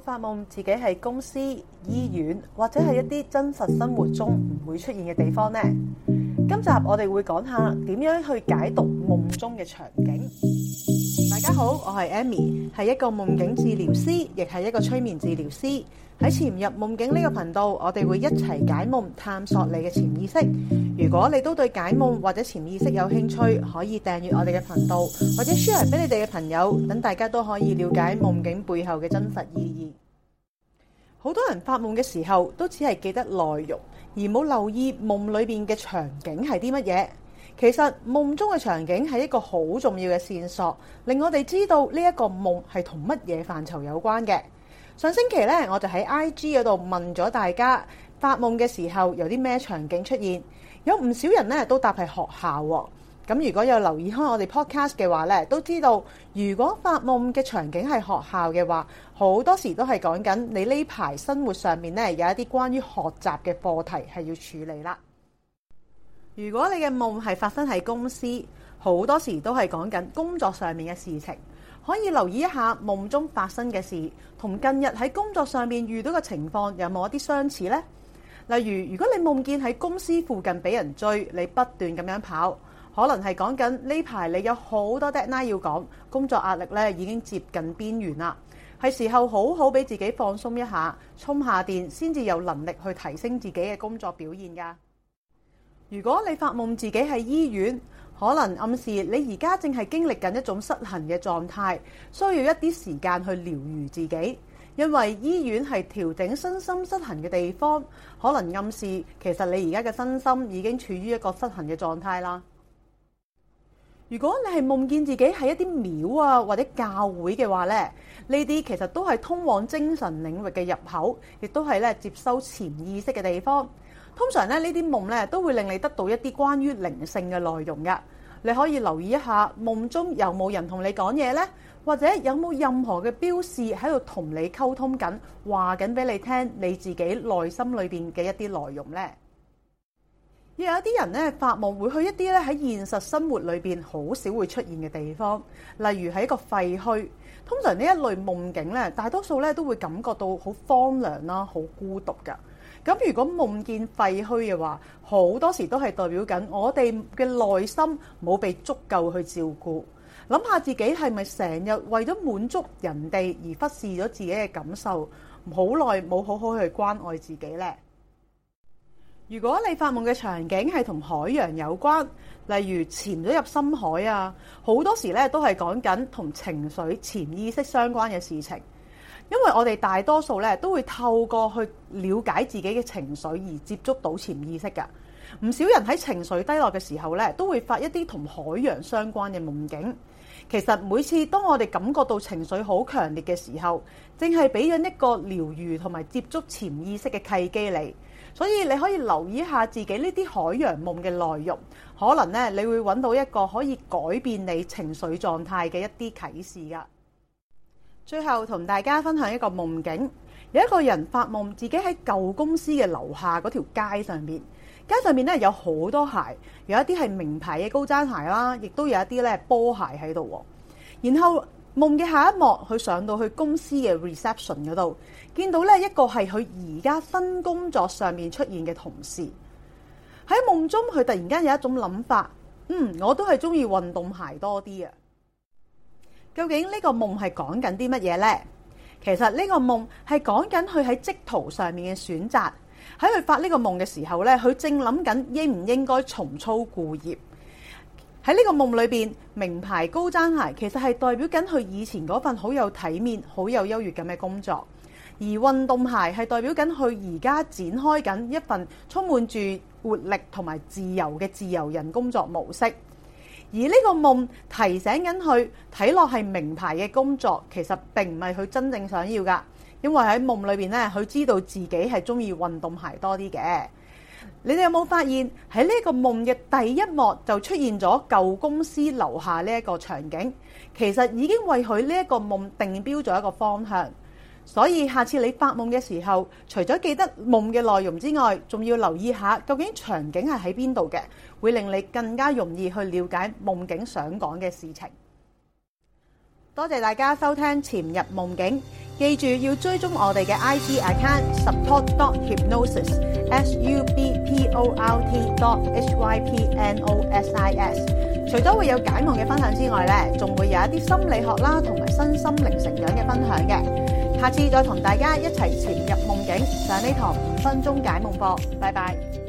發夢自己係公司、醫院或者係一啲真實生活中唔會出現嘅地方呢？今集我哋會講下點樣去解讀夢中嘅場景。大家好，我係 Amy，係一個夢境治療師，亦係一個催眠治療師。喺潛入夢境呢個頻道，我哋會一齊解夢，探索你嘅潛意識。如果你都對解夢或者潛意識有興趣，可以訂閱我哋嘅頻道，或者 share 俾你哋嘅朋友，等大家都可以了解夢境背後嘅真實意義。好多人發夢嘅時候，都只係記得內容，而冇留意夢裏邊嘅場景係啲乜嘢。其實夢中嘅場景係一個好重要嘅線索，令我哋知道呢一個夢係同乜嘢範疇有關嘅。上星期呢，我就喺 IG 嗰度問咗大家發夢嘅時候有啲咩場景出現，有唔少人呢都答係學校喎，哦。咁如果有留意開我哋 podcast 嘅話呢，都知道如果發夢嘅場景係學校嘅話，好多時都係講緊你呢排生活上面呢有一啲關於學習嘅課題係要處理啦。如果你嘅夢係發生喺公司，好多時都係講緊工作上面嘅事情，可以留意一下夢中發生嘅事，同近日喺工作上面遇到嘅情況有冇一啲相似呢？例如，如果你夢見喺公司附近俾人追，你不斷咁樣跑，可能係講緊呢排你有好多 deadline 要講，工作壓力咧已經接近邊緣啦，係時候好好俾自己放鬆一下，充下電，先至有能力去提升自己嘅工作表現噶。如果你發夢自己喺醫院，可能暗示你而家正係經歷緊一種失衡嘅狀態，需要一啲時間去療癒自己。因為醫院係調整身心失衡嘅地方，可能暗示其實你而家嘅身心已經處於一個失衡嘅狀態啦。如果你係夢見自己喺一啲廟啊或者教會嘅話咧，呢啲其實都係通往精神領域嘅入口，亦都係咧接收潛意識嘅地方。通常咧，夢呢啲夢咧都會令你得到一啲關於靈性嘅內容嘅。你可以留意一下夢中有冇人同你講嘢呢，或者有冇任何嘅標示喺度同你溝通緊，話緊俾你聽你自己內心裏面嘅一啲內容呢。有一啲人咧發夢會去一啲咧喺現實生活裏面好少會出現嘅地方，例如喺一個廢墟。通常呢一類夢境咧，大多數咧都會感覺到好荒涼啦，好孤獨噶。咁如果夢見廢墟嘅話，好多時都係代表緊我哋嘅內心冇被足夠去照顧。諗下自己係咪成日為咗滿足人哋而忽視咗自己嘅感受，好耐冇好好去關愛自己呢？如果你發夢嘅場景係同海洋有關，例如潛咗入深海啊，好多時咧都係講緊同情緒潛意識相關嘅事情。因為我哋大多數咧都會透過去了解自己嘅情緒而接觸到潛意識㗎。唔少人喺情緒低落嘅時候咧都會發一啲同海洋相關嘅夢境。其實每次當我哋感覺到情緒好強烈嘅時候，正係俾咗一個療愈同埋接觸潛意識嘅契機你。所以你可以留意一下自己呢啲海洋夢嘅內容，可能咧你會揾到一個可以改變你情緒狀態嘅一啲啟示㗎。最後同大家分享一個夢境，有一個人發夢，自己喺舊公司嘅樓下嗰條街上面。街上面咧有好多鞋，有一啲係名牌嘅高踭鞋啦，亦都有一啲咧波鞋喺度。然後夢嘅下一幕，佢上到去公司嘅 reception 嗰度，見到咧一個係佢而家新工作上面出現嘅同事。喺夢中，佢突然間有一種諗法，嗯，我都係中意運動鞋多啲啊。究竟呢個夢係講緊啲乜嘢呢？其實呢個夢係講緊佢喺職途上面嘅選擇，喺佢發呢個夢嘅時候呢，佢正諗緊應唔應該重操故業。喺呢個夢裏邊，名牌高踭鞋其實係代表緊佢以前嗰份好有體面、好有優越感嘅工作，而運動鞋係代表緊佢而家展開緊一份充滿住活力同埋自由嘅自由人工作模式。而呢個夢提醒緊佢，睇落係名牌嘅工作，其實並唔係佢真正想要㗎。因為喺夢裏邊咧，佢知道自己係鍾意運動鞋多啲嘅。你哋有冇發現喺呢個夢嘅第一幕就出現咗舊公司樓下呢一個場景？其實已經為佢呢一個夢定標咗一個方向。所以下次你發夢嘅時候，除咗記得夢嘅內容之外，仲要留意下究竟場景係喺邊度嘅，會令你更加容易去了解夢境想講嘅事情。多謝大家收聽《潛入夢境》，記住要追蹤我哋嘅 IG account support dot hypnosis s u b p o r t dot h y p n o s i s。除咗會有解夢嘅分享之外咧，仲會有一啲心理學啦，同埋身心靈成長嘅分享嘅。下次再同大家一齊潛入夢境，上呢堂五分鐘解夢課，拜拜。